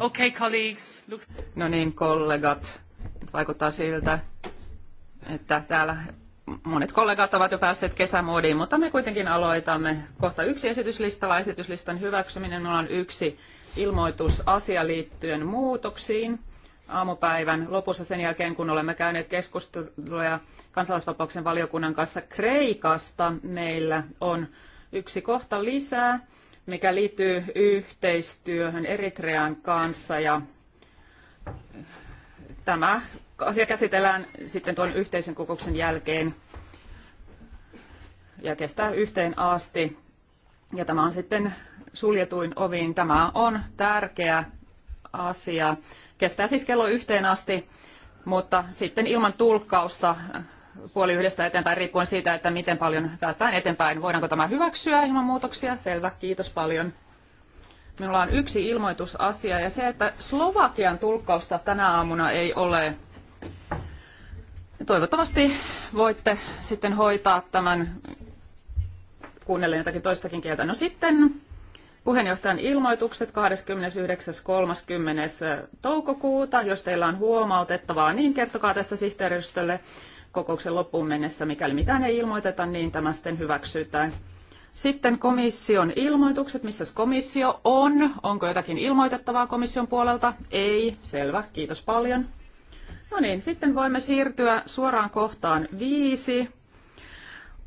Okay, colleagues. Looks... No niin, kollegat. Nyt vaikuttaa siltä, että täällä monet kollegat ovat jo päässeet kesämoodiin, mutta me kuitenkin aloitamme kohta yksi esityslistalla. Esityslistan hyväksyminen on yksi ilmoitusasia liittyen muutoksiin aamupäivän lopussa sen jälkeen, kun olemme käyneet keskusteluja kansalaisvapauksen valiokunnan kanssa Kreikasta. Meillä on yksi kohta lisää mikä liittyy yhteistyöhön Eritrean kanssa ja tämä asia käsitellään sitten tuon yhteisen kokouksen jälkeen ja kestää yhteen asti. Ja tämä on sitten suljetuin oviin. Tämä on tärkeä asia. Kestää siis kello yhteen asti, mutta sitten ilman tulkkausta puoli yhdestä eteenpäin riippuen siitä, että miten paljon päästään eteenpäin. Voidaanko tämä hyväksyä ilman muutoksia? Selvä, kiitos paljon. Minulla on yksi ilmoitusasia ja se, että Slovakian tulkkausta tänä aamuna ei ole. Toivottavasti voitte sitten hoitaa tämän kuunnellen jotakin toistakin kieltä. No sitten puheenjohtajan ilmoitukset 29.30. toukokuuta. Jos teillä on huomautettavaa, niin kertokaa tästä sihteeristölle kokouksen loppuun mennessä. Mikäli mitään ei ilmoiteta, niin tämä sitten hyväksytään. Sitten komission ilmoitukset. Missä komissio on? Onko jotakin ilmoitettavaa komission puolelta? Ei. Selvä. Kiitos paljon. No niin, sitten voimme siirtyä suoraan kohtaan viisi.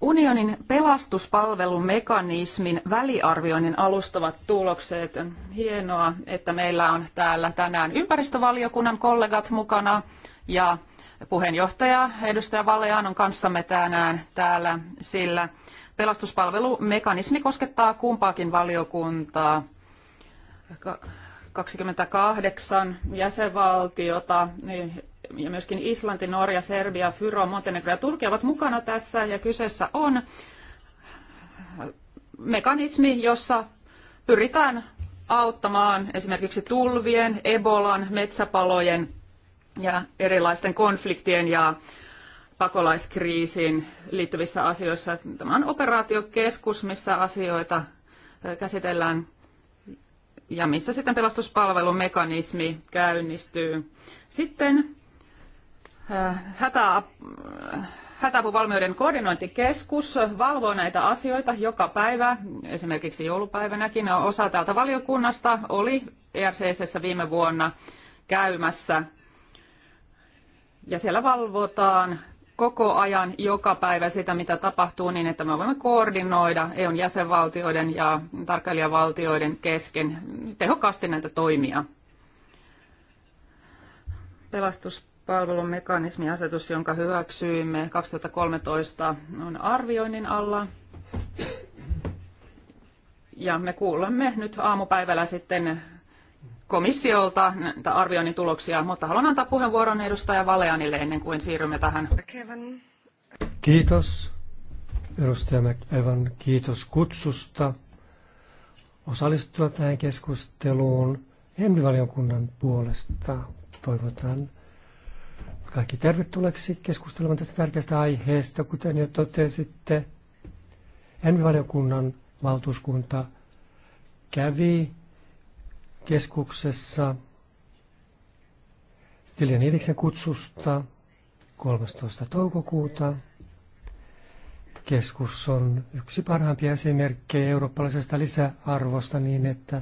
Unionin pelastuspalvelumekanismin väliarvioinnin alustavat tulokset. Hienoa, että meillä on täällä tänään ympäristövaliokunnan kollegat mukana ja puheenjohtaja edustaja Vallean on kanssamme tänään täällä, sillä pelastuspalvelumekanismi koskettaa kumpaakin valiokuntaa. 28 jäsenvaltiota niin- ja myöskin Islanti, Norja, Serbia, Fyro, Montenegro ja Turkki ovat mukana tässä ja kyseessä on mekanismi, jossa pyritään auttamaan esimerkiksi tulvien, ebolan, metsäpalojen ja erilaisten konfliktien ja pakolaiskriisiin liittyvissä asioissa. Tämä on operaatiokeskus, missä asioita käsitellään ja missä sitten pelastuspalvelumekanismi käynnistyy. Sitten hätäapuvalmiuden koordinointikeskus valvoo näitä asioita joka päivä, esimerkiksi joulupäivänäkin. Osa täältä valiokunnasta oli ERCCssä viime vuonna käymässä ja siellä valvotaan koko ajan, joka päivä sitä, mitä tapahtuu, niin että me voimme koordinoida EUn jäsenvaltioiden ja tarkkailijavaltioiden kesken tehokkaasti näitä toimia. Pelastuspalvelun mekanismiasetus, jonka hyväksyimme 2013, on arvioinnin alla. Ja me kuulemme nyt aamupäivällä sitten komissiolta arvioinnin tuloksia, mutta haluan antaa puheenvuoron edustaja Valeanille ennen kuin siirrymme tähän. Kiitos edustaja McEvan, kiitos kutsusta osallistua tähän keskusteluun envivaliokunnan puolesta. Toivotan kaikki tervetulleeksi keskustelemaan tästä tärkeästä aiheesta. Kuten jo totesitte, envivaliokunnan valtuuskunta kävi keskuksessa Niiliksen kutsusta 13. toukokuuta. Keskus on yksi parhaimpia esimerkkejä eurooppalaisesta lisäarvosta niin, että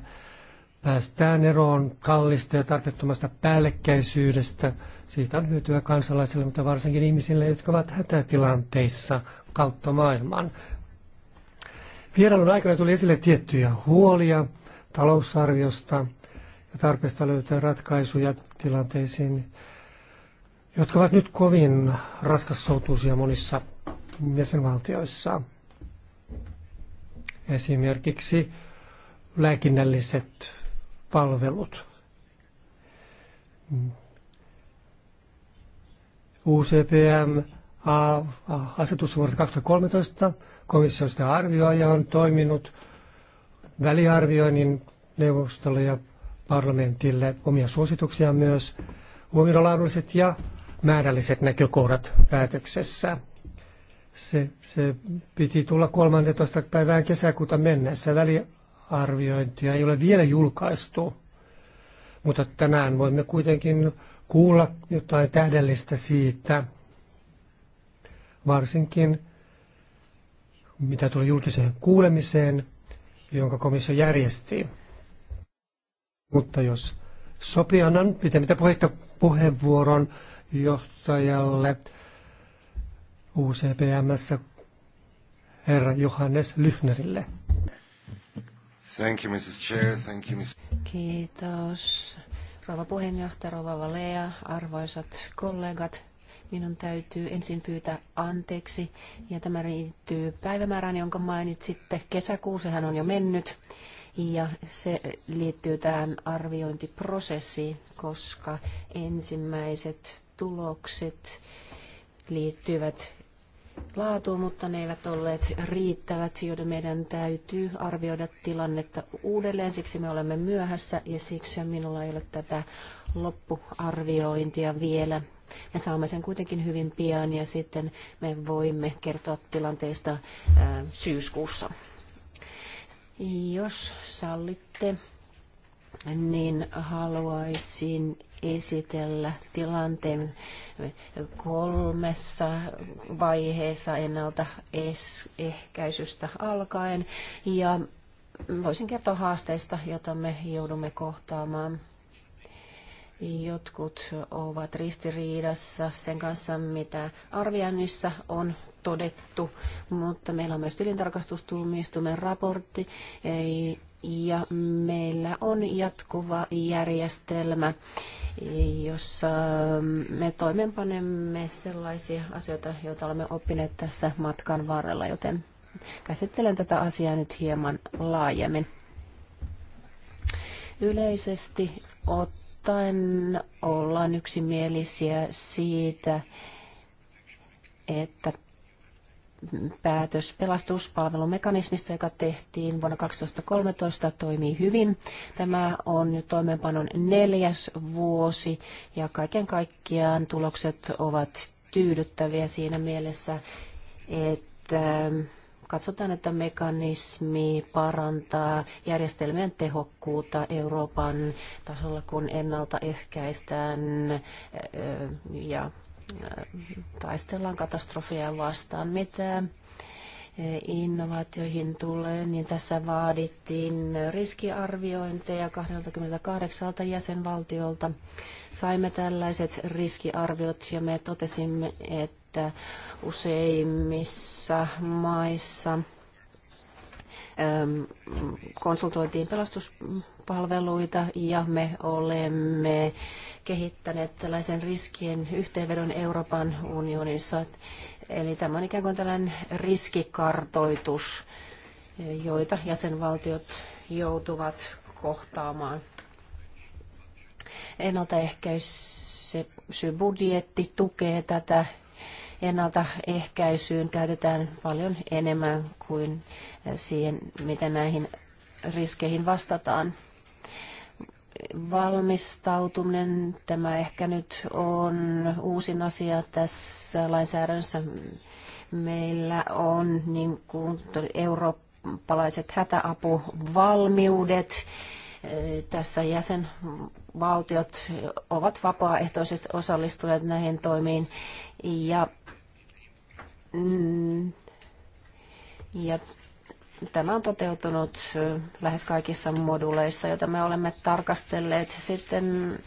päästään eroon kallista ja tarpeettomasta päällekkäisyydestä. Siitä on hyötyä kansalaisille, mutta varsinkin ihmisille, jotka ovat hätätilanteissa kautta maailman. Vierailun aikana tuli esille tiettyjä huolia talousarviosta ja tarpeesta löytää ratkaisuja tilanteisiin, jotka ovat nyt kovin raskassoutuisia monissa jäsenvaltioissa. Esimerkiksi lääkinnälliset palvelut. UCPM-asetus vuodesta 2013 komissio sitä arvioi ja on toiminut väliarvioinnin neuvostolle ja parlamentille omia suosituksia myös huomioida laadulliset ja määrälliset näkökohdat päätöksessä. Se, se piti tulla 13. päivään kesäkuuta mennessä. Väliarviointia ei ole vielä julkaistu, mutta tänään voimme kuitenkin kuulla jotain tähdellistä siitä, varsinkin mitä tulee julkiseen kuulemiseen – jonka komissio järjesti. Mutta jos sopii, annan pitemmittä puhetta puheenvuoron johtajalle UCPMS herra Johannes Lyhnerille. Thank you, Mrs. Chair. Thank you, Mrs. Kiitos. Rouva puheenjohtaja, rouva Valea, arvoisat kollegat minun täytyy ensin pyytää anteeksi. Ja tämä liittyy päivämäärään, jonka mainitsitte. Kesäkuu, sehän on jo mennyt. Ja se liittyy tähän arviointiprosessiin, koska ensimmäiset tulokset liittyvät laatuun, mutta ne eivät olleet riittävät, joiden meidän täytyy arvioida tilannetta uudelleen. Siksi me olemme myöhässä ja siksi minulla ei ole tätä loppuarviointia vielä me saamme sen kuitenkin hyvin pian ja sitten me voimme kertoa tilanteesta syyskuussa. Jos sallitte, niin haluaisin esitellä tilanteen kolmessa vaiheessa ehkäisystä alkaen ja voisin kertoa haasteista, joita me joudumme kohtaamaan. Jotkut ovat ristiriidassa sen kanssa, mitä arvioinnissa on todettu, mutta meillä on myös tilintarkastustuomioistuimen raportti ja meillä on jatkuva järjestelmä, jossa me toimenpanemme sellaisia asioita, joita olemme oppineet tässä matkan varrella, joten käsittelen tätä asiaa nyt hieman laajemmin. Yleisesti ottaen ottaen ollaan yksimielisiä siitä, että päätös pelastuspalvelumekanismista, joka tehtiin vuonna 2013, toimii hyvin. Tämä on nyt toimeenpanon neljäs vuosi ja kaiken kaikkiaan tulokset ovat tyydyttäviä siinä mielessä, että katsotaan, että mekanismi parantaa järjestelmien tehokkuutta Euroopan tasolla, kun ennaltaehkäistään ja taistellaan katastrofeja vastaan. Mitä innovaatioihin tulee, niin tässä vaadittiin riskiarviointeja 28 jäsenvaltiolta. Saimme tällaiset riskiarviot ja me totesimme, että että useimmissa maissa konsultoitiin pelastuspalveluita ja me olemme kehittäneet tällaisen riskien yhteenvedon Euroopan unionissa. Eli tämä on ikään kuin tällainen riskikartoitus, joita jäsenvaltiot joutuvat kohtaamaan. Ennaltaehkäisy budjetti tukee tätä ennaltaehkäisyyn käytetään paljon enemmän kuin siihen, miten näihin riskeihin vastataan. Valmistautuminen, tämä ehkä nyt on uusin asia tässä lainsäädännössä. Meillä on niin kuin eurooppalaiset hätäapuvalmiudet. Tässä jäsenvaltiot ovat vapaaehtoiset osallistuneet näihin toimiin ja Mm. Ja tämä on toteutunut lähes kaikissa moduleissa, joita me olemme tarkastelleet. Sitten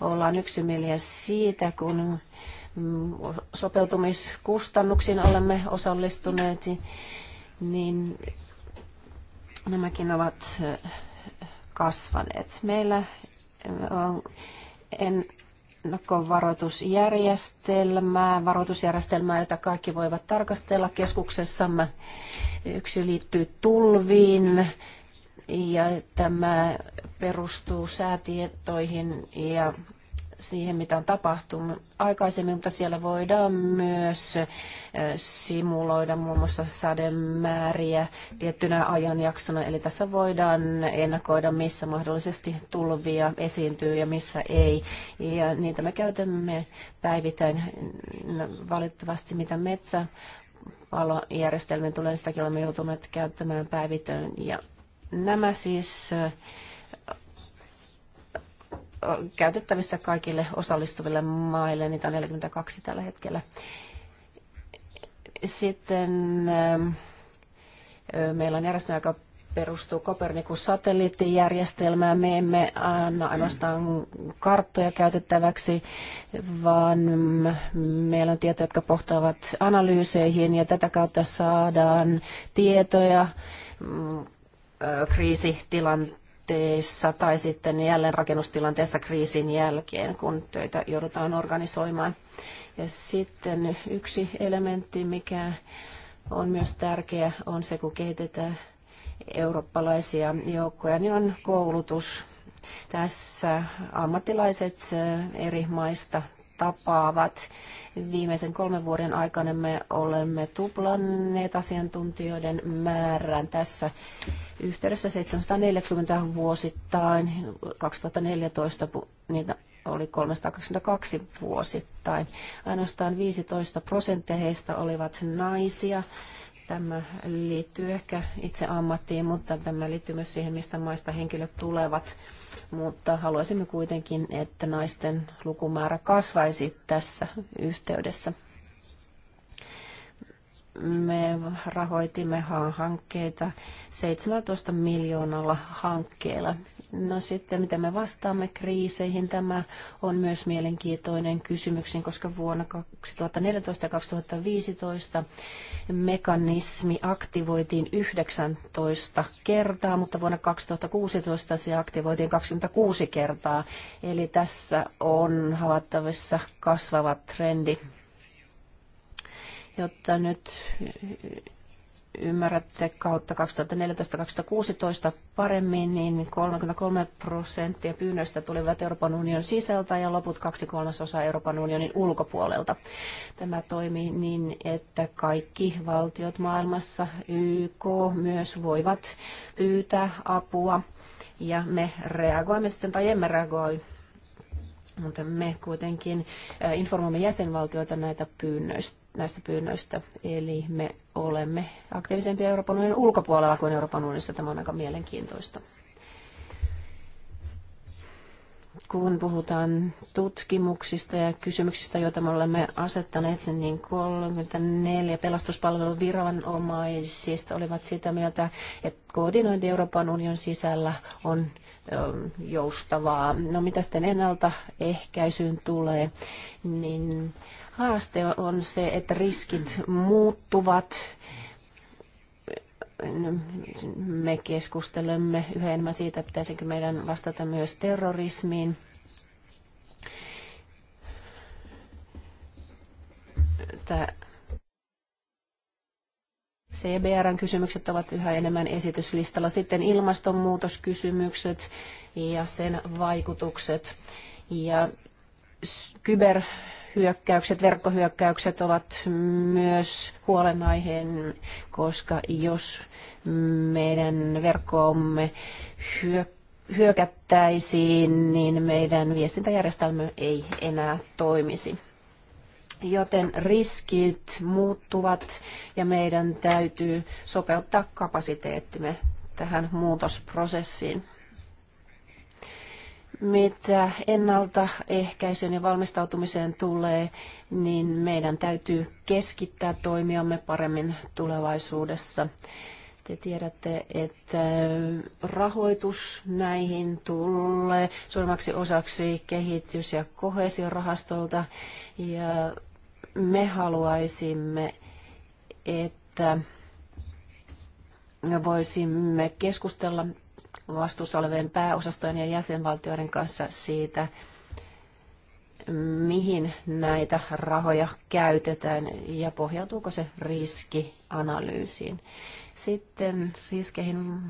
ollaan yksimielinen siitä, kun mm, sopeutumiskustannuksiin olemme osallistuneet, niin nämäkin ovat kasvaneet. Meillä on en ennakkovaroitusjärjestelmää, varoitusjärjestelmää, jota kaikki voivat tarkastella keskuksessamme. Yksi liittyy tulviin ja tämä perustuu säätietoihin ja siihen, mitä on tapahtunut aikaisemmin, mutta siellä voidaan myös simuloida muun muassa sademääriä tiettynä ajanjaksona. Eli tässä voidaan ennakoida, missä mahdollisesti tulvia esiintyy ja missä ei. Ja niitä me käytämme päivittäin no, valitettavasti, mitä metsä palojärjestelmien tulee, niin sitäkin olemme joutuneet käyttämään päivittäin. Ja nämä siis käytettävissä kaikille osallistuville maille. Niitä on 42 tällä hetkellä. Sitten ähm, äh, meillä on järjestelmä, joka perustuu Kopernikus-satelliittijärjestelmään. Me emme anna ainoastaan karttoja käytettäväksi, vaan meillä on tietoja, jotka pohtaavat analyyseihin ja tätä kautta saadaan tietoja mm, äh, kriisitilanteesta tilanteissa tai sitten jälleen kriisin jälkeen, kun töitä joudutaan organisoimaan. Ja sitten yksi elementti, mikä on myös tärkeä, on se, kun kehitetään eurooppalaisia joukkoja, niin on koulutus. Tässä ammattilaiset eh, eri maista tapaavat. Viimeisen kolmen vuoden aikana me olemme tuplanneet asiantuntijoiden määrän tässä yhteydessä 740 vuosittain. 2014 niitä oli 322 vuosittain. Ainoastaan 15 prosenttia heistä olivat naisia. Tämä liittyy ehkä itse ammattiin, mutta tämä liittyy myös siihen, mistä maista henkilöt tulevat mutta haluaisimme kuitenkin, että naisten lukumäärä kasvaisi tässä yhteydessä me rahoitimme hankkeita 17 miljoonalla hankkeella. No sitten, miten me vastaamme kriiseihin, tämä on myös mielenkiintoinen kysymys, koska vuonna 2014 ja 2015 mekanismi aktivoitiin 19 kertaa, mutta vuonna 2016 se aktivoitiin 26 kertaa. Eli tässä on havaittavissa kasvava trendi jotta nyt ymmärrätte kautta 2014-2016 paremmin, niin 33 prosenttia pyynnöistä tulivat Euroopan unionin sisältä ja loput kaksi kolmasosaa Euroopan unionin ulkopuolelta. Tämä toimii niin, että kaikki valtiot maailmassa, YK myös voivat pyytää apua ja me reagoimme sitten tai emme reagoi mutta me kuitenkin informoimme jäsenvaltioita näitä pyynnöistä, näistä pyynnöistä. Eli me olemme aktiivisempia Euroopan unionin ulkopuolella kuin Euroopan unionissa. Tämä on aika mielenkiintoista. Kun puhutaan tutkimuksista ja kysymyksistä, joita me olemme asettaneet, niin 34 pelastuspalvelun viranomaisista olivat sitä mieltä, että koordinointi Euroopan unionin sisällä on joustavaa. No mitä sitten ennaltaehkäisyyn tulee, niin haaste on se, että riskit muuttuvat. Me keskustelemme yhä enemmän siitä, pitäisikö meidän vastata myös terrorismiin. Tämä CBRn kysymykset ovat yhä enemmän esityslistalla. Sitten ilmastonmuutoskysymykset ja sen vaikutukset. Ja kyberhyökkäykset, verkkohyökkäykset ovat myös huolenaiheen, koska jos meidän verkkoomme hyökättäisiin, niin meidän viestintäjärjestelmä ei enää toimisi joten riskit muuttuvat ja meidän täytyy sopeuttaa kapasiteettimme tähän muutosprosessiin. Mitä ennaltaehkäisyyn ja valmistautumiseen tulee, niin meidän täytyy keskittää toimiamme paremmin tulevaisuudessa. Te tiedätte, että rahoitus näihin tulee suurimmaksi osaksi kehitys- ja kohesiorahastolta ja me haluaisimme, että voisimme keskustella vastuussa olevien pääosastojen ja jäsenvaltioiden kanssa siitä, mihin näitä rahoja käytetään ja pohjautuuko se riskianalyysiin. Sitten riskeihin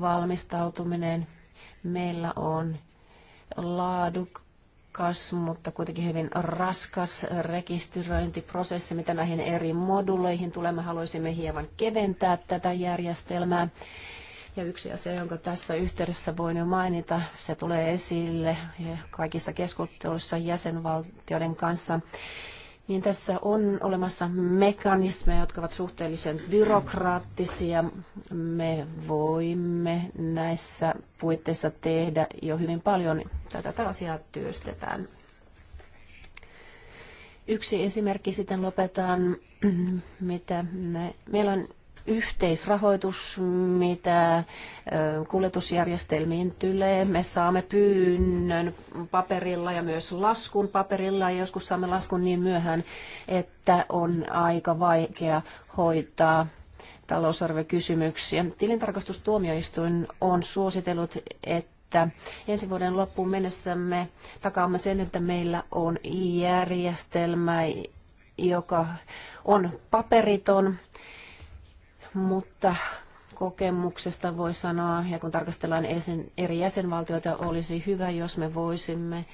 valmistautuminen. Meillä on laaduk, mutkikas, mutta kuitenkin hyvin raskas rekisteröintiprosessi, mitä näihin eri moduleihin tulee. Me haluaisimme hieman keventää tätä järjestelmää. Ja yksi asia, jonka tässä yhteydessä voin jo mainita, se tulee esille kaikissa keskusteluissa jäsenvaltioiden kanssa, niin tässä on olemassa mekanismeja, jotka ovat suhteellisen byrokraattisia. Me voimme näissä puitteissa tehdä jo hyvin paljon, tai tätä asiaa työstetään. Yksi esimerkki sitten lopetaan, mitä me, meillä on yhteisrahoitus, mitä kuljetusjärjestelmiin tulee. Me saamme pyynnön paperilla ja myös laskun paperilla ja joskus saamme laskun niin myöhään, että on aika vaikea hoitaa talousarvekysymyksiä. Tilintarkastustuomioistuin on suositellut, että että ensi vuoden loppuun mennessä me takaamme sen, että meillä on järjestelmä, joka on paperiton mutta kokemuksesta voi sanoa, ja kun tarkastellaan eri jäsenvaltioita, olisi hyvä, jos me voisimme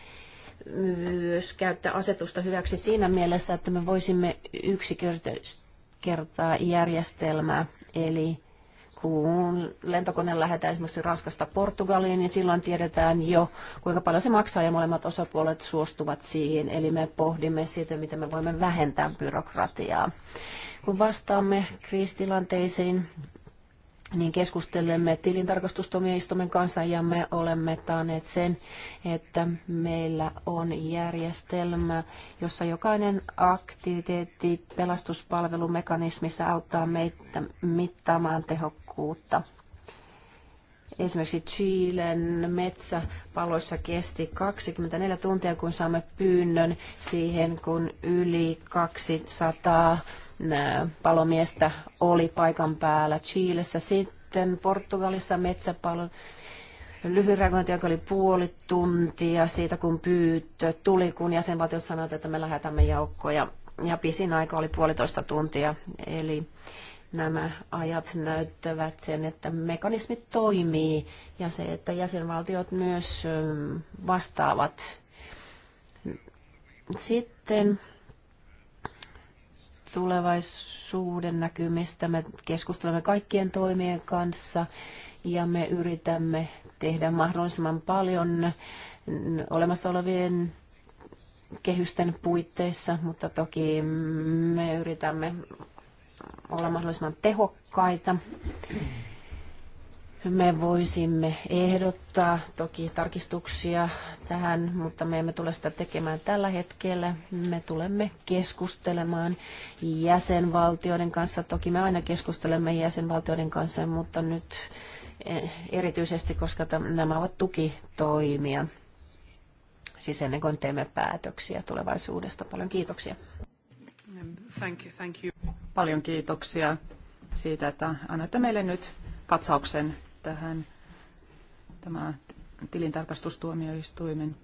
myös käyttää asetusta hyväksi siinä mielessä, että me voisimme yksinkertaa järjestelmää, eli kun lentokone lähetään esimerkiksi Ranskasta Portugaliin, niin silloin tiedetään jo, kuinka paljon se maksaa ja molemmat osapuolet suostuvat siihen. Eli me pohdimme sitä, miten me voimme vähentää byrokratiaa. Kun vastaamme kriisitilanteisiin, niin keskustelemme tilintarkastustuomioistuimen kanssa ja me olemme taaneet sen, että meillä on järjestelmä, jossa jokainen aktiviteetti pelastuspalvelumekanismissa auttaa meitä mittaamaan tehokkuutta. Esimerkiksi Chilen metsäpaloissa kesti 24 tuntia, kun saamme pyynnön siihen, kun yli 200 palomiestä oli paikan päällä Chilessä. Sitten Portugalissa metsäpalo lyhyen reagointi, joka oli puoli tuntia siitä, kun pyyntö tuli, kun jäsenvaltiot sanoivat, että me lähetämme joukkoja. Ja pisin aika oli puolitoista tuntia, eli Nämä ajat näyttävät sen, että mekanismi toimii ja se, että jäsenvaltiot myös ähm, vastaavat. Sitten tulevaisuuden näkymistä me keskustelemme kaikkien toimien kanssa ja me yritämme tehdä mahdollisimman paljon olemassa olevien kehysten puitteissa, mutta toki me yritämme olla mahdollisimman tehokkaita. Me voisimme ehdottaa toki tarkistuksia tähän, mutta me emme tule sitä tekemään tällä hetkellä. Me tulemme keskustelemaan jäsenvaltioiden kanssa. Toki me aina keskustelemme jäsenvaltioiden kanssa, mutta nyt eh, erityisesti, koska nämä ovat tukitoimia. Siis ennen kuin teemme päätöksiä tulevaisuudesta. Paljon kiitoksia. Thank you, thank you. Paljon kiitoksia siitä, että annatte meille nyt katsauksen tähän tämä tilintarkastustuomioistuimen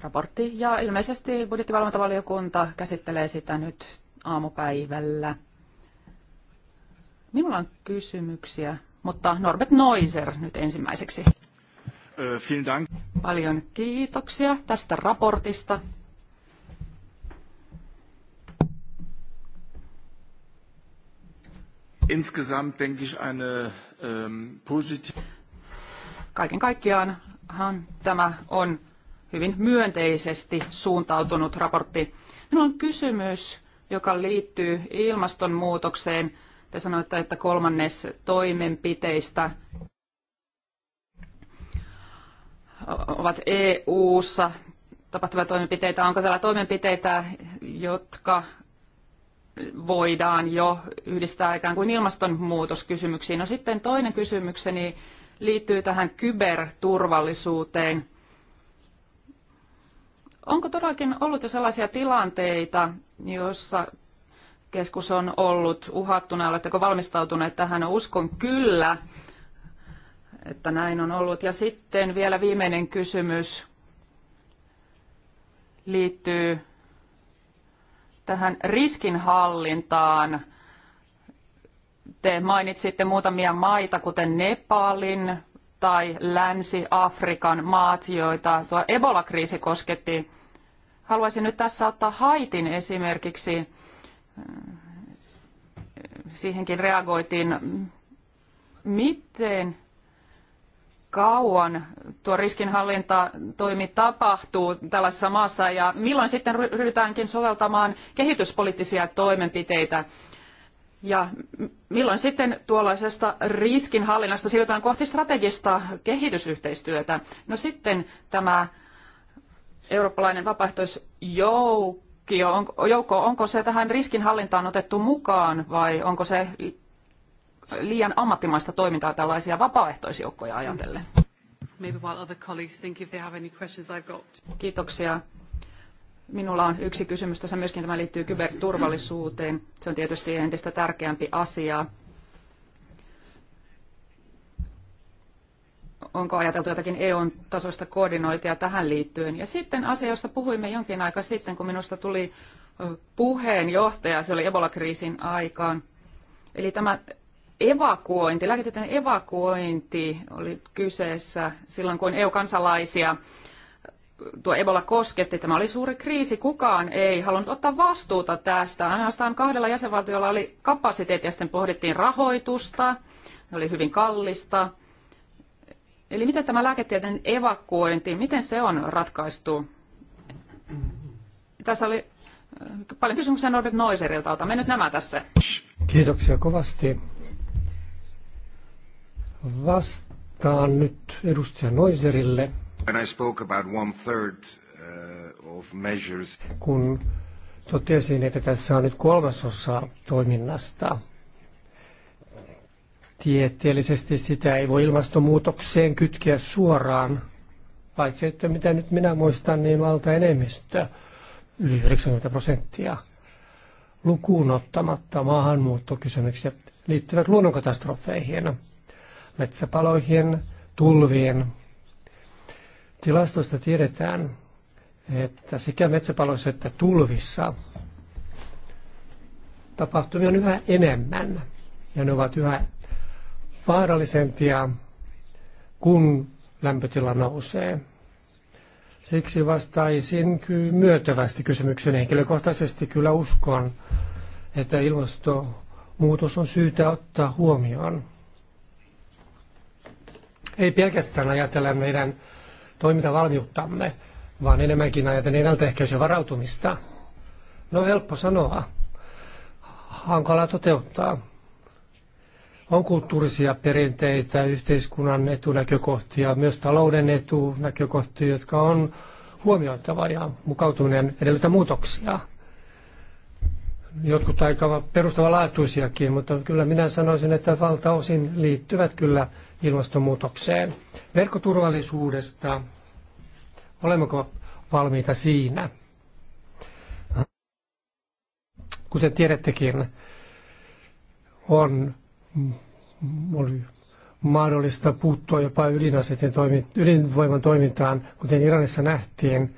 raportti. Ja ilmeisesti budjettivalvontavaliokunta käsittelee sitä nyt aamupäivällä. Minulla on kysymyksiä, mutta Norbert Noiser nyt ensimmäiseksi. Äh, Paljon kiitoksia tästä raportista. Insgesamt denke ich eine ähm, positive... Kaiken kaikkiaanhan tämä on hyvin myönteisesti suuntautunut raportti. Minulla on kysymys, joka liittyy ilmastonmuutokseen. Te sanoitte, että kolmannes toimenpiteistä ovat EU-ssa tapahtuvia toimenpiteitä. Onko täällä toimenpiteitä, jotka voidaan jo yhdistää ikään kuin ilmastonmuutoskysymyksiin. No sitten toinen kysymykseni liittyy tähän kyberturvallisuuteen. Onko todellakin ollut jo sellaisia tilanteita, joissa keskus on ollut uhattuna, oletteko valmistautuneet tähän? No, uskon kyllä, että näin on ollut. Ja sitten vielä viimeinen kysymys liittyy tähän riskinhallintaan. Te mainitsitte muutamia maita, kuten Nepalin tai Länsi-Afrikan maat, joita tuo Ebola-kriisi kosketti. Haluaisin nyt tässä ottaa Haitin esimerkiksi. Siihenkin reagoitiin. Miten kauan tuo riskinhallintatoimi tapahtuu tällaisessa maassa ja milloin sitten ryhdytäänkin soveltamaan kehityspoliittisia toimenpiteitä ja milloin sitten tuollaisesta riskinhallinnasta siirrytään kohti strategista kehitysyhteistyötä? No sitten tämä eurooppalainen vapaaehtoisjoukko, onko se tähän riskinhallintaan otettu mukaan vai onko se liian ammattimaista toimintaa tällaisia vapaaehtoisjoukkoja ajatellen. Kiitoksia. Minulla on yksi kysymys. Tässä myöskin tämä liittyy kyberturvallisuuteen. Se on tietysti entistä tärkeämpi asia. Onko ajateltu jotakin EUn tasoista koordinointia tähän liittyen? Ja sitten asia, josta puhuimme jonkin aikaa sitten, kun minusta tuli puheenjohtaja, se oli Ebola-kriisin aikaan. Eli tämä evakuointi, lääketieteen evakuointi oli kyseessä silloin, kun EU-kansalaisia tuo Ebola kosketti. Tämä oli suuri kriisi. Kukaan ei halunnut ottaa vastuuta tästä. Ainoastaan kahdella jäsenvaltiolla oli ja Sitten pohdittiin rahoitusta. Se oli hyvin kallista. Eli miten tämä lääketieteen evakuointi, miten se on ratkaistu? Tässä oli äh, paljon kysymyksiä Norbert Noiserilta. Otamme nyt nämä tässä. Kiitoksia kovasti. Vastaan nyt edustaja Noiserille. When I spoke about one third uh, of measures. Kun totesin, että tässä on nyt kolmasosa toiminnasta, tieteellisesti sitä ei voi ilmastonmuutokseen kytkeä suoraan, paitsi että mitä nyt minä muistan, niin enemmistö, yli 90 prosenttia, lukuun ottamatta maahanmuuttokysymyksiä liittyvät luonnonkatastrofeihin metsäpaloihin, tulviin. Tilastoista tiedetään, että sekä metsäpaloissa että tulvissa tapahtumia on yhä enemmän ja ne ovat yhä vaarallisempia, kun lämpötila nousee. Siksi vastaisin myötävästi kysymykseen henkilökohtaisesti kyllä uskon, että ilmastonmuutos on syytä ottaa huomioon. Ei pelkästään ajatella meidän toimintavalmiuttamme, vaan enemmänkin ajatella ennaltaehkäisyä varautumista. No helppo sanoa, hankala toteuttaa. On kulttuurisia perinteitä, yhteiskunnan etunäkökohtia, myös talouden etunäkökohtia, jotka on huomioitava ja mukautuminen edellyttää muutoksia. Jotkut aika perustavanlaatuisiakin, mutta kyllä minä sanoisin, että valtaosin liittyvät kyllä ilmastonmuutokseen. Verkkoturvallisuudesta, olemmeko valmiita siinä? Kuten tiedättekin, on oli mahdollista puuttua jopa ydinaseiden ydinvoiman toimintaan, kuten Iranissa nähtiin.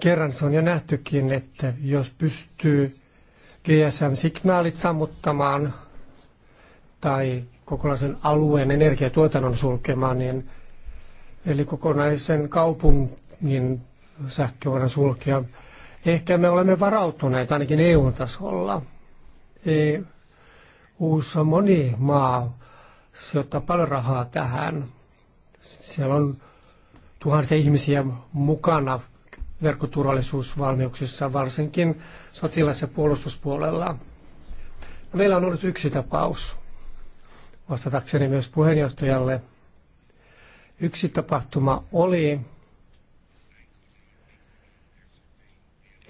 Kerran se on jo nähtykin, että jos pystyy GSM-signaalit sammuttamaan tai kokonaisen alueen energiatuotannon sulkemaan, niin, eli kokonaisen kaupungin sähkö voidaan sulkea. Ehkä me olemme varautuneet ainakin EU-tasolla. EU-ssa moni maa sijoittaa paljon rahaa tähän. Siellä on tuhansia ihmisiä mukana verkkoturvallisuusvalmiuksissa, varsinkin sotilas- ja puolustuspuolella. Meillä on ollut yksi tapaus vastatakseni myös puheenjohtajalle. Yksi tapahtuma oli,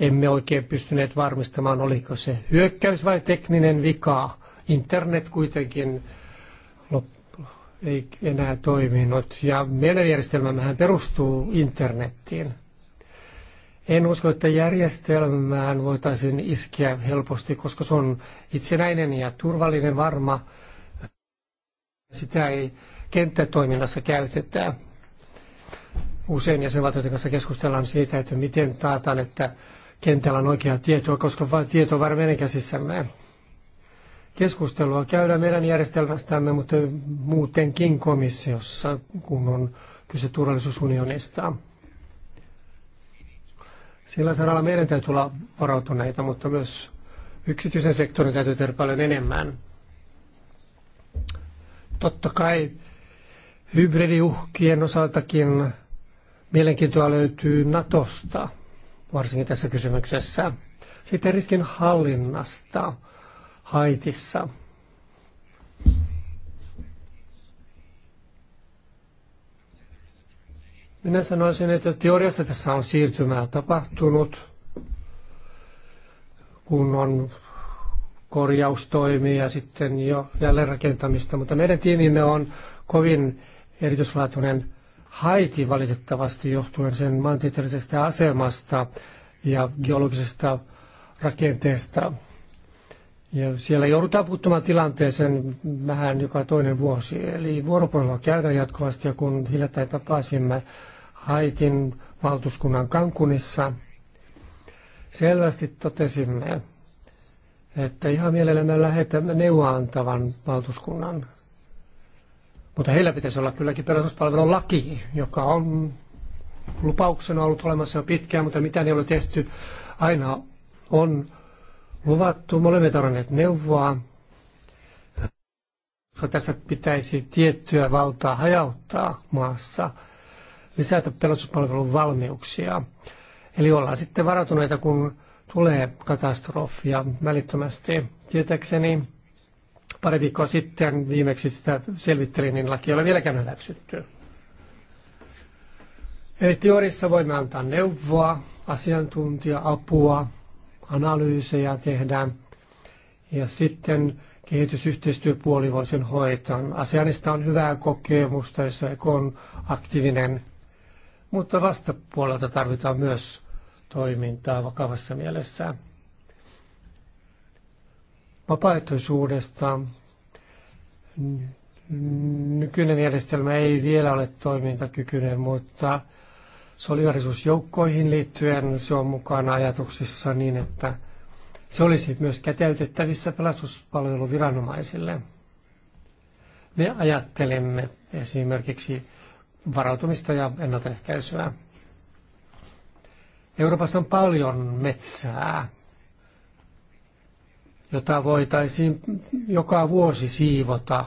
emme oikein pystyneet varmistamaan, oliko se hyökkäys vai tekninen vika. Internet kuitenkin ei enää toiminut ja meidän järjestelmämmehän perustuu internettiin. En usko, että järjestelmään voitaisiin iskeä helposti, koska se on itsenäinen ja turvallinen varma sitä ei kenttätoiminnassa käytetä. Usein jäsenvaltioiden kanssa keskustellaan siitä, että miten taataan, että kentällä on oikeaa tietoa, koska vain tieto on varmaan meidän käsissämme. Keskustelua käydään meidän järjestelmästämme, mutta muutenkin komissiossa, kun on kyse turvallisuusunionista. Sillä saralla meidän täytyy olla varautuneita, mutta myös yksityisen sektorin täytyy tehdä paljon enemmän. Totta kai hybridiuhkien osaltakin mielenkiintoa löytyy Natosta, varsinkin tässä kysymyksessä. Sitten riskin hallinnasta Haitissa. Minä sanoisin, että teoriassa tässä on siirtymää tapahtunut, kun on korjaustoimia ja sitten jo jälleenrakentamista, mutta meidän tiimimme on kovin erityislaatuinen Haiti valitettavasti johtuen sen maantieteellisestä asemasta ja geologisesta rakenteesta. Ja siellä joudutaan puuttumaan tilanteeseen vähän joka toinen vuosi. Eli vuoropuhelua käydään jatkuvasti ja kun hiljattain tapasimme Haitin valtuuskunnan Kankunissa, selvästi totesimme, että ihan mielellämme lähetämme neuvoa antavan valtuuskunnan. Mutta heillä pitäisi olla kylläkin pelastuspalvelun laki, joka on lupauksena ollut olemassa jo pitkään, mutta mitä ei ole tehty. Aina on luvattu, me olemme tarvinneet neuvoa, koska tässä pitäisi tiettyä valtaa hajauttaa maassa, lisätä pelastuspalvelun valmiuksia. Eli ollaan sitten varautuneita, kun tulee katastrofia välittömästi. Tietääkseni pari viikkoa sitten viimeksi sitä selvittelin, niin laki ei ole vieläkään hyväksytty. Eli teoriassa voimme antaa neuvoa, asiantuntija-apua, analyysejä tehdä ja sitten kehitysyhteistyöpuoli voi sen hoitaa. Asianista on hyvää kokemusta, jos on aktiivinen, mutta vastapuolelta tarvitaan myös toimintaa vakavassa mielessä. Vapaaehtoisuudesta nykyinen järjestelmä ei vielä ole toimintakykyinen, mutta solidarisuusjoukkoihin liittyen se on mukana ajatuksissa niin, että se olisi myös käteytettävissä pelastuspalveluviranomaisille. Me ajattelemme esimerkiksi varautumista ja ennaltaehkäisyä. Euroopassa on paljon metsää, jota voitaisiin joka vuosi siivota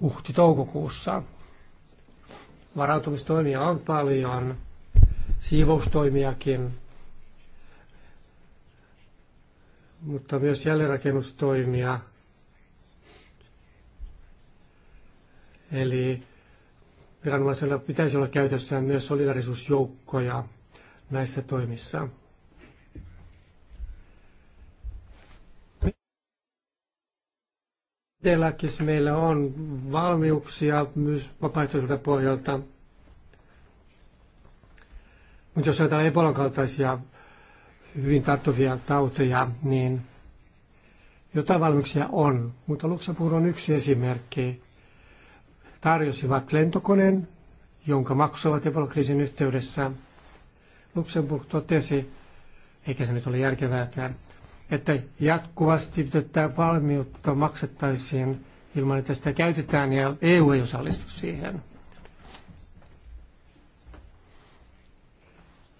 huhti-toukokuussa. Varautumistoimia on paljon, siivoustoimiakin, mutta myös jälleenrakennustoimia. Eli viranomaisilla pitäisi olla käytössään myös solidarisuusjoukkoja näissä toimissa. Edelläkin meillä on valmiuksia myös vapaaehtoiselta pohjalta. Mutta jos ajatellaan Ebolan kaltaisia hyvin tarttuvia tauteja, niin jotain valmiuksia on. Mutta Luxemburg on yksi esimerkki. Tarjosivat lentokoneen, jonka maksoivat Ebola-kriisin yhteydessä – Luxemburg totesi, eikä se nyt ole järkevääkään, että jatkuvasti tätä valmiutta maksettaisiin ilman, että sitä käytetään ja EU ei osallistu siihen.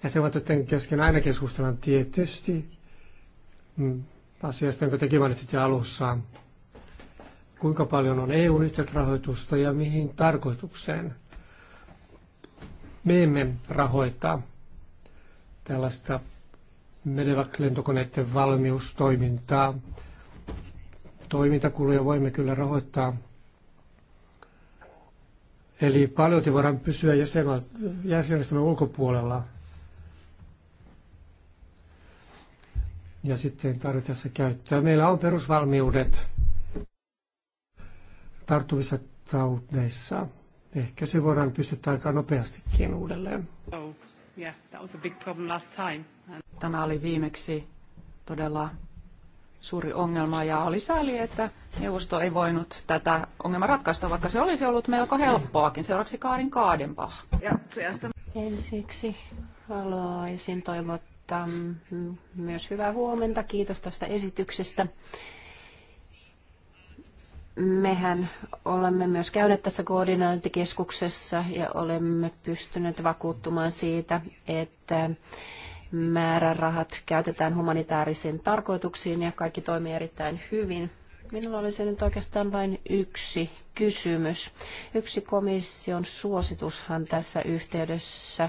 Ja se on kesken aina keskustellaan tietysti mm, asiasta, jonka tekin mainitsitte alussa. Kuinka paljon on EUn rahoitusta ja mihin tarkoitukseen? Me emme rahoita tällaista Medevac-lentokoneiden valmiustoimintaa. Toimintakuluja voimme kyllä rahoittaa. Eli paljon voidaan pysyä jäsenestämme ulkopuolella. Ja sitten tarvitaan käyttöä. Meillä on perusvalmiudet tarttuvissa taudeissa. Ehkä se voidaan pystyttää aika nopeastikin uudelleen. Oh. Tämä oli viimeksi todella suuri ongelma ja oli sääli, että neuvosto ei voinut tätä ongelmaa ratkaista, vaikka se olisi ollut melko helppoakin. Seuraavaksi Kaarin Kaadenpah. Ensiksi haluaisin toivottaa myös hyvää huomenta. Kiitos tästä esityksestä mehän olemme myös käyneet tässä koordinointikeskuksessa ja olemme pystyneet vakuuttumaan siitä, että määrärahat käytetään humanitaarisiin tarkoituksiin ja kaikki toimii erittäin hyvin. Minulla olisi nyt oikeastaan vain yksi kysymys. Yksi komission suositushan tässä yhteydessä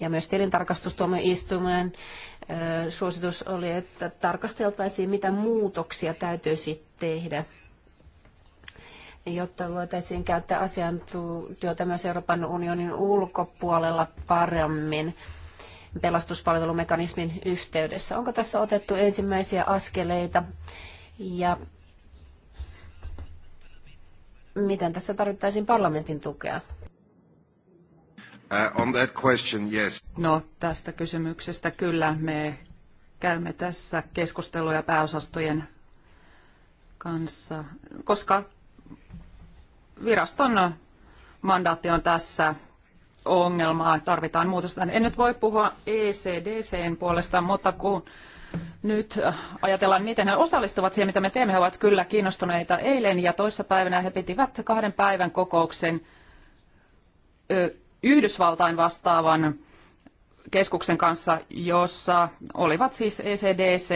ja myös tilintarkastustuomioistuimen suositus oli, että tarkasteltaisiin, mitä muutoksia täytyisi tehdä jotta voitaisiin käyttää asiantuntijoita myös Euroopan unionin ulkopuolella paremmin pelastuspalvelumekanismin yhteydessä. Onko tässä otettu ensimmäisiä askeleita ja miten tässä tarvittaisiin parlamentin tukea? Uh, on that question, yes. No tästä kysymyksestä kyllä me käymme tässä keskusteluja pääosastojen kanssa, koska viraston mandaatti on tässä ongelmaa, tarvitaan muutosta. En nyt voi puhua ECDCn puolesta, mutta kun nyt ajatellaan, miten he osallistuvat siihen, mitä me teemme, he ovat kyllä kiinnostuneita. Eilen ja toissapäivänä he pitivät kahden päivän kokouksen Yhdysvaltain vastaavan keskuksen kanssa, jossa olivat siis ECDC,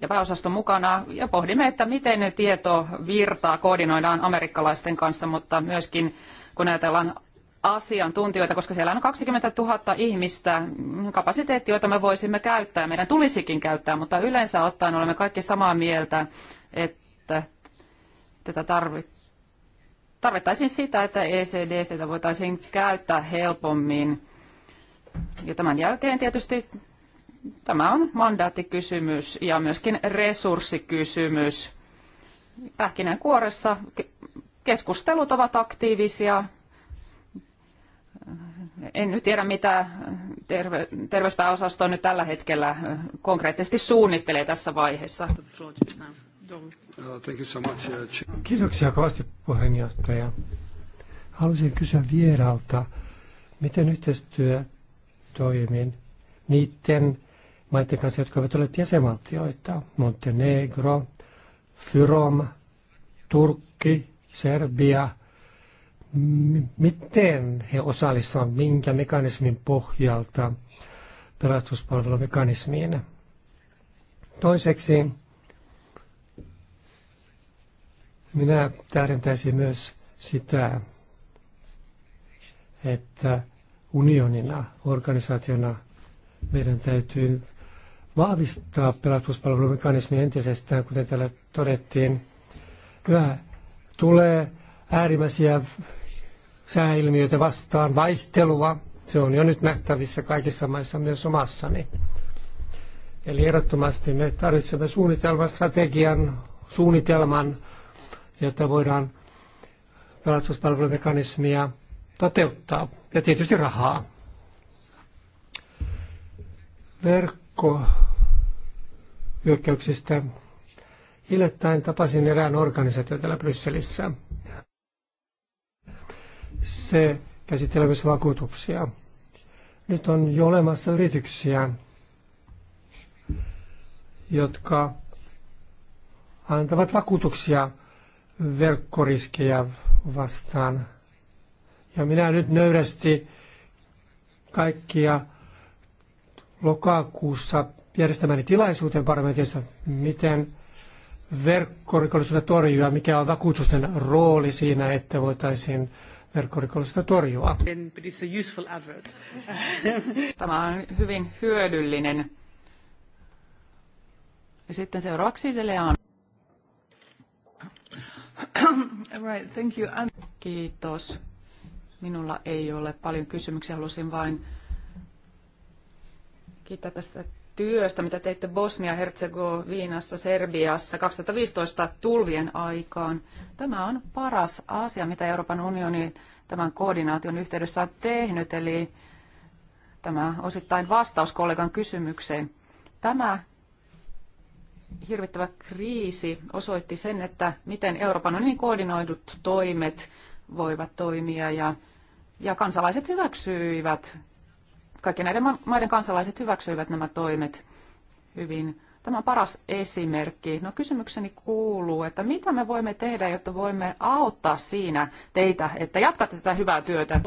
ja pääosaston mukana ja pohdimme, että miten tieto virtaa koordinoidaan amerikkalaisten kanssa, mutta myöskin kun ajatellaan asiantuntijoita, koska siellä on 20 000 ihmistä, mm, kapasiteetti, jota me voisimme käyttää ja meidän tulisikin käyttää, mutta yleensä ottaen olemme kaikki samaa mieltä, että tätä tarvittaisiin sitä, että ECDC voitaisiin käyttää helpommin. Ja tämän jälkeen tietysti Tämä on mandaattikysymys ja myöskin resurssikysymys. Pähkinänkuoressa keskustelut ovat aktiivisia. En nyt tiedä, mitä terve, terveyspääosasto nyt tällä hetkellä konkreettisesti suunnittelee tässä vaiheessa. Uh, Kiitoksia kovasti puheenjohtaja. Haluaisin kysyä vieralta, miten yhteistyö toimii niiden maiden kanssa, jotka ovat olleet jäsenvaltioita. Montenegro, Fyrom, Turkki, Serbia. Miten he osallistuvat, minkä mekanismin pohjalta pelastuspalvelumekanismiin? Toiseksi minä tähdentäisin myös sitä, että unionina, organisaationa meidän täytyy vahvistaa pelastuspalvelumekanismia entisestään, kuten täällä todettiin. Yhä tulee äärimmäisiä sääilmiöitä vastaan, vaihtelua. Se on jo nyt nähtävissä kaikissa maissa, myös omassani. Eli ehdottomasti me tarvitsemme suunnitelman, strategian, suunnitelman, jotta voidaan pelastuspalvelumekanismia toteuttaa. Ja tietysti rahaa. Verkko hyökkäyksistä. Hiljattain tapasin erään organisaatio täällä Brysselissä. Se käsittelee myös vakuutuksia. Nyt on jo olemassa yrityksiä, jotka antavat vakuutuksia verkkoriskejä vastaan. Ja minä nyt nöyrästi kaikkia lokakuussa järjestämäni tilaisuuteen parlamentissa, miten verkkorikollisuuden torjua, mikä on vakuutusten rooli siinä, että voitaisiin verkkorikollisuutta torjua. Tämä on hyvin hyödyllinen. Ja sitten seuraavaksi se Right, Kiitos. Minulla ei ole paljon kysymyksiä, halusin vain kiittää tästä työstä, mitä teitte Bosnia-Herzegovinassa, Serbiassa 2015 tulvien aikaan. Tämä on paras asia, mitä Euroopan unioni tämän koordinaation yhteydessä on tehnyt, eli tämä osittain vastaus kollegan kysymykseen. Tämä hirvittävä kriisi osoitti sen, että miten Euroopan unionin koordinoidut toimet voivat toimia ja, ja kansalaiset hyväksyivät kaikki näiden maiden kansalaiset hyväksyivät nämä toimet hyvin. Tämä on paras esimerkki. No kysymykseni kuuluu, että mitä me voimme tehdä, jotta voimme auttaa siinä teitä, että jatkatte tätä hyvää työtä.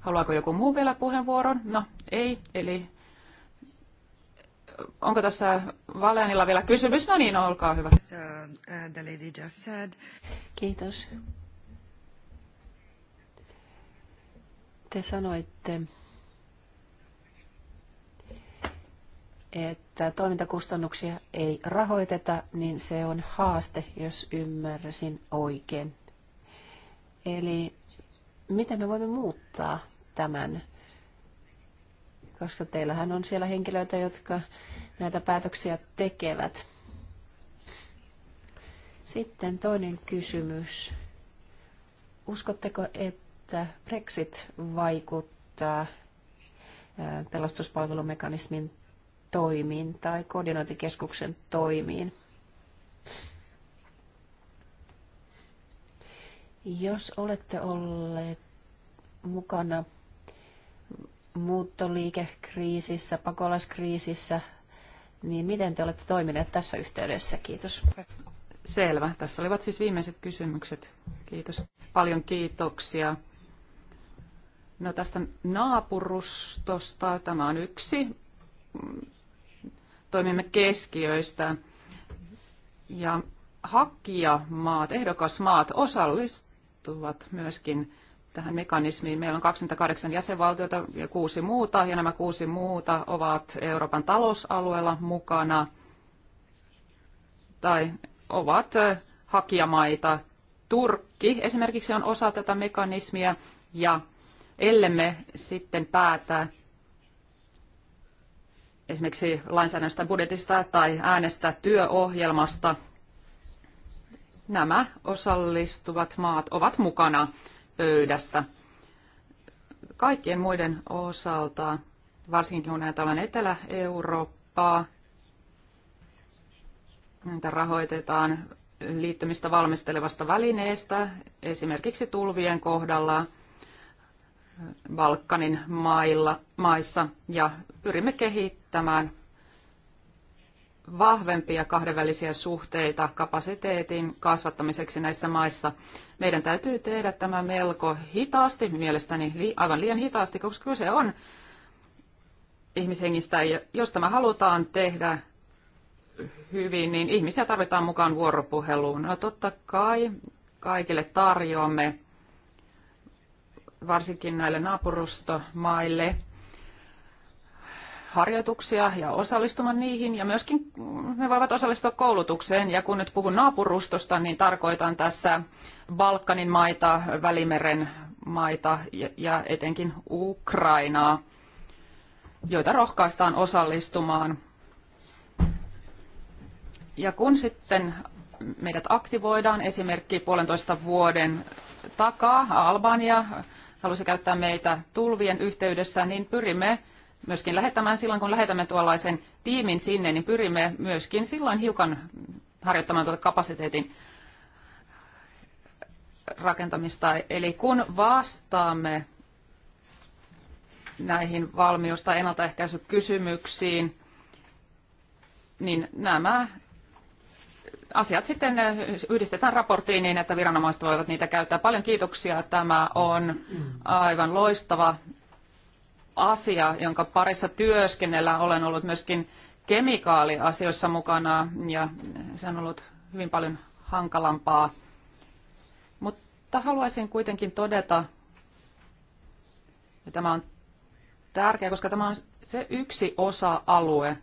Haluaako joku muu vielä puheenvuoron? No ei, eli onko tässä Valeanilla vielä kysymys? No niin, olkaa hyvä. Uh, uh, Kiitos. Te sanoitte, että toimintakustannuksia ei rahoiteta, niin se on haaste, jos ymmärsin oikein. Eli miten me voimme muuttaa tämän? Koska teillähän on siellä henkilöitä, jotka näitä päätöksiä tekevät. Sitten toinen kysymys. Uskotteko, että Brexit vaikuttaa pelastuspalvelumekanismin toimiin tai koordinointikeskuksen toimiin. Jos olette olleet mukana muuttoliikekriisissä, pakolaiskriisissä, niin miten te olette toimineet tässä yhteydessä? Kiitos. Selvä. Tässä olivat siis viimeiset kysymykset. Kiitos. Paljon kiitoksia. No tästä naapurustosta, tämä on yksi toimimme keskiöistä. Ja hakijamaat, ehdokasmaat osallistuvat myöskin tähän mekanismiin. Meillä on 28 jäsenvaltiota ja kuusi muuta, ja nämä kuusi muuta ovat Euroopan talousalueella mukana tai ovat hakijamaita. Turkki esimerkiksi on osa tätä mekanismia, ja ellemme sitten päätä esimerkiksi lainsäädännöstä budjetista tai äänestää työohjelmasta. Nämä osallistuvat maat ovat mukana pöydässä. Kaikkien muiden osalta, varsinkin kun ajatellaan Etelä-Eurooppaa, niitä rahoitetaan liittymistä valmistelevasta välineestä, esimerkiksi tulvien kohdalla – Balkanin mailla, maissa ja pyrimme kehittämään vahvempia kahdenvälisiä suhteita kapasiteetin kasvattamiseksi näissä maissa. Meidän täytyy tehdä tämä melko hitaasti, mielestäni aivan liian hitaasti, koska kyse on ihmishengistä. Ja jos tämä halutaan tehdä hyvin, niin ihmisiä tarvitaan mukaan vuoropuheluun. No totta kai kaikille tarjoamme varsinkin näille naapurustomaille harjoituksia ja osallistumaan niihin. Ja myöskin ne voivat osallistua koulutukseen. Ja kun nyt puhun naapurustosta, niin tarkoitan tässä Balkanin maita, Välimeren maita ja etenkin Ukrainaa, joita rohkaistaan osallistumaan. Ja kun sitten meidät aktivoidaan, esimerkki puolentoista vuoden takaa Albania halusi käyttää meitä tulvien yhteydessä, niin pyrimme myöskin lähettämään silloin, kun lähetämme tuollaisen tiimin sinne, niin pyrimme myöskin silloin hiukan harjoittamaan tuota kapasiteetin rakentamista. Eli kun vastaamme näihin valmius- tai ennaltaehkäisykysymyksiin, niin nämä asiat sitten äh, yhdistetään raporttiin niin, että viranomaiset voivat niitä käyttää. Paljon kiitoksia. Tämä on aivan loistava asia, jonka parissa työskennellä olen ollut myöskin kemikaaliasioissa mukana ja se on ollut hyvin paljon hankalampaa. Mutta haluaisin kuitenkin todeta, ja tämä on tärkeä, koska tämä on se yksi osa-alue,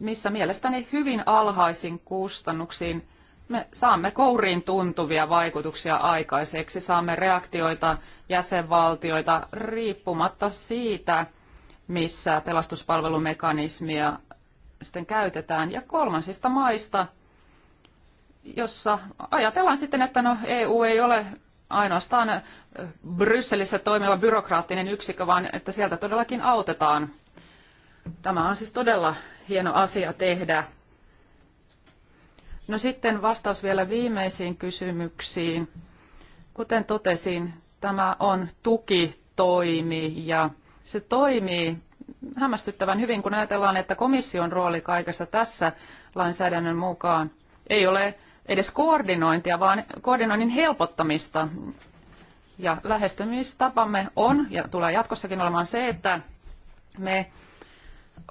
missä mielestäni hyvin alhaisin kustannuksiin me saamme kouriin tuntuvia vaikutuksia aikaiseksi, saamme reaktioita jäsenvaltioita riippumatta siitä, missä pelastuspalvelumekanismia sitten käytetään, ja kolmansista maista, jossa ajatellaan sitten, että no EU ei ole ainoastaan Brysselissä toimiva byrokraattinen yksikkö, vaan että sieltä todellakin autetaan Tämä on siis todella hieno asia tehdä. No sitten vastaus vielä viimeisiin kysymyksiin. Kuten totesin, tämä on tukitoimi ja se toimii hämmästyttävän hyvin, kun ajatellaan, että komission rooli kaikessa tässä lainsäädännön mukaan ei ole edes koordinointia, vaan koordinoinnin helpottamista. Ja lähestymistapamme on ja tulee jatkossakin olemaan se, että me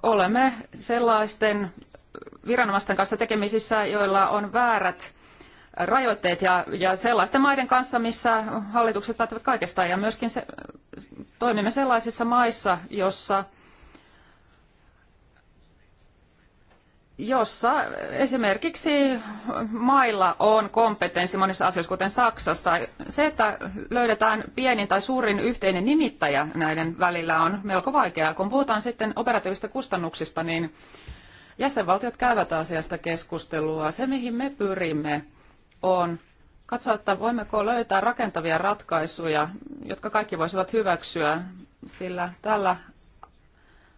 olemme sellaisten viranomaisten kanssa tekemisissä, joilla on väärät rajoitteet ja, ja sellaisten maiden kanssa, missä hallitukset päättävät kaikesta ja myöskin se, toimimme sellaisissa maissa, jossa jossa esimerkiksi mailla on kompetenssi monissa asioissa, kuten Saksassa. Se, että löydetään pienin tai suurin yhteinen nimittäjä näiden välillä on melko vaikeaa. Kun puhutaan sitten operatiivisista kustannuksista, niin jäsenvaltiot käyvät asiasta keskustelua. Se, mihin me pyrimme, on katsoa, että voimmeko löytää rakentavia ratkaisuja, jotka kaikki voisivat hyväksyä, sillä tällä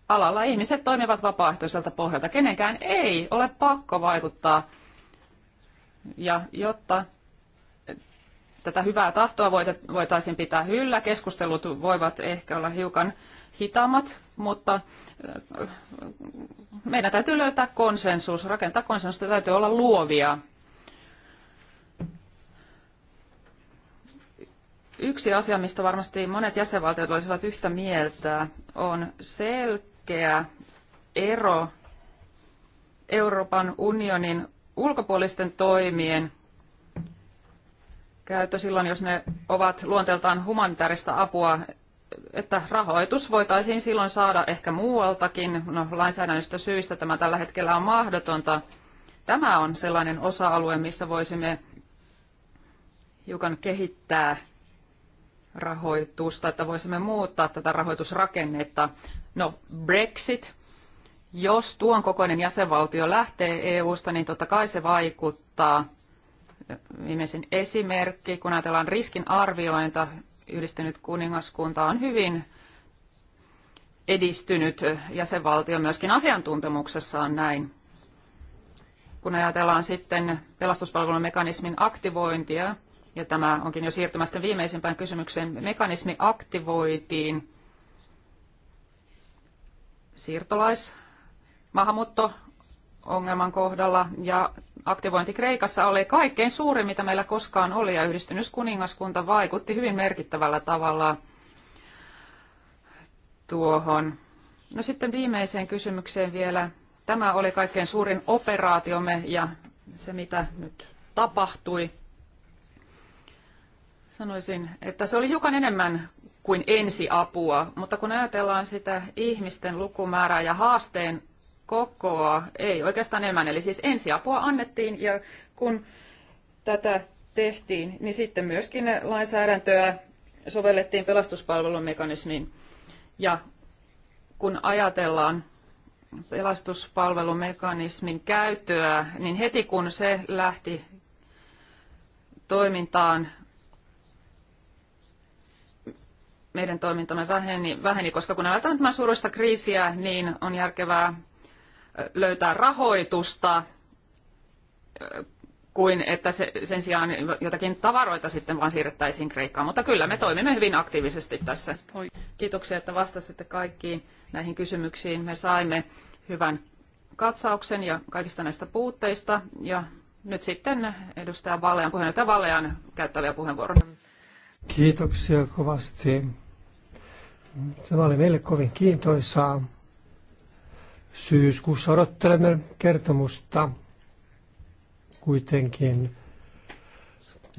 alalla ihmiset toimivat vapaaehtoiselta pohjalta. Kenenkään ei ole pakko vaikuttaa. Ja jotta tätä hyvää tahtoa voitaisiin pitää hyllä, keskustelut voivat ehkä olla hiukan hitaammat, mutta äh, meidän täytyy löytää konsensus, rakentaa konsensus, täytyy olla luovia. Yksi asia, mistä varmasti monet jäsenvaltiot olisivat yhtä mieltä, on sel- selkeä ero Euroopan unionin ulkopuolisten toimien käyttö silloin, jos ne ovat luonteeltaan humanitaarista apua, että rahoitus voitaisiin silloin saada ehkä muualtakin. No, lainsäädännöstä syistä tämä tällä hetkellä on mahdotonta. Tämä on sellainen osa-alue, missä voisimme hiukan kehittää rahoitusta, että voisimme muuttaa tätä rahoitusrakennetta. No, Brexit. Jos tuon kokoinen jäsenvaltio lähtee EU-sta, niin totta kai se vaikuttaa. Viimeisin esimerkki, kun ajatellaan riskin arviointa, yhdistynyt kuningaskunta on hyvin edistynyt jäsenvaltio myöskin asiantuntemuksessaan näin. Kun ajatellaan sitten pelastuspalvelun mekanismin aktivointia, ja tämä onkin jo siirtymästä viimeisimpään kysymykseen, mekanismi aktivoitiin siirtolais maahanmuutto ongelman kohdalla ja aktivointi Kreikassa oli kaikkein suurin, mitä meillä koskaan oli ja yhdistynyt kuningaskunta vaikutti hyvin merkittävällä tavalla tuohon. No sitten viimeiseen kysymykseen vielä. Tämä oli kaikkein suurin operaatiomme ja se mitä nyt tapahtui Sanoisin, että se oli hiukan enemmän kuin ensiapua, mutta kun ajatellaan sitä ihmisten lukumäärää ja haasteen kokoa, ei oikeastaan enemmän, eli siis ensiapua annettiin ja kun tätä tehtiin, niin sitten myöskin lainsäädäntöä sovellettiin pelastuspalvelun mekanismiin. Ja kun ajatellaan pelastuspalvelumekanismin käyttöä, niin heti kun se lähti toimintaan, meidän toimintamme väheni, väheni koska kun aletaan tämän suuruista kriisiä, niin on järkevää löytää rahoitusta kuin että se, sen sijaan jotakin tavaroita sitten vaan siirrettäisiin Kreikkaan. Mutta kyllä me toimimme hyvin aktiivisesti tässä. Kiitoksia, että vastasitte kaikkiin näihin kysymyksiin. Me saimme hyvän katsauksen ja kaikista näistä puutteista. Ja nyt sitten edustaja Vallean, puheenjohtaja Vallean käyttäviä puheenvuoroja. Kiitoksia kovasti. Tämä oli meille kovin kiintoisaa. Syyskuussa odottelemme kertomusta. Kuitenkin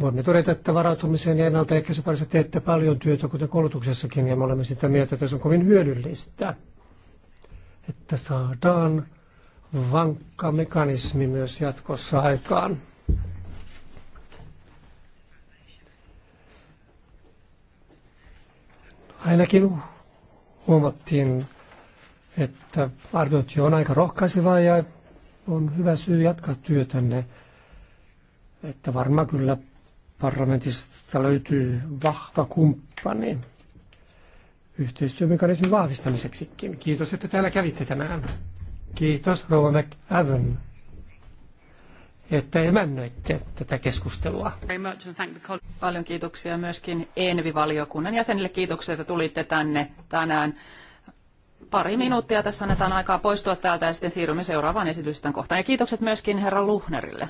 voimme todeta, että varautumisen ja ennaltaehkäisyparissa teette paljon työtä, kuten koulutuksessakin, ja me olemme sitä mieltä, että se on kovin hyödyllistä, että saadaan vankka mekanismi myös jatkossa aikaan. Ainakin huomattiin, että arviointi on aika rohkaiseva ja on hyvä syy jatkaa työtänne. Että varmaan kyllä parlamentista löytyy vahva kumppani yhteistyömekanismin vahvistamiseksikin. Kiitos, että täällä kävitte tänään. Kiitos, Rova McAvan että emännöitte tätä keskustelua. Paljon kiitoksia myöskin ENVI-valiokunnan jäsenille. Kiitoksia, että tulitte tänne tänään. Pari minuuttia tässä annetaan aikaa poistua täältä ja sitten siirrymme seuraavaan esitystään kohtaan. Ja kiitokset myöskin herra Luhnerille.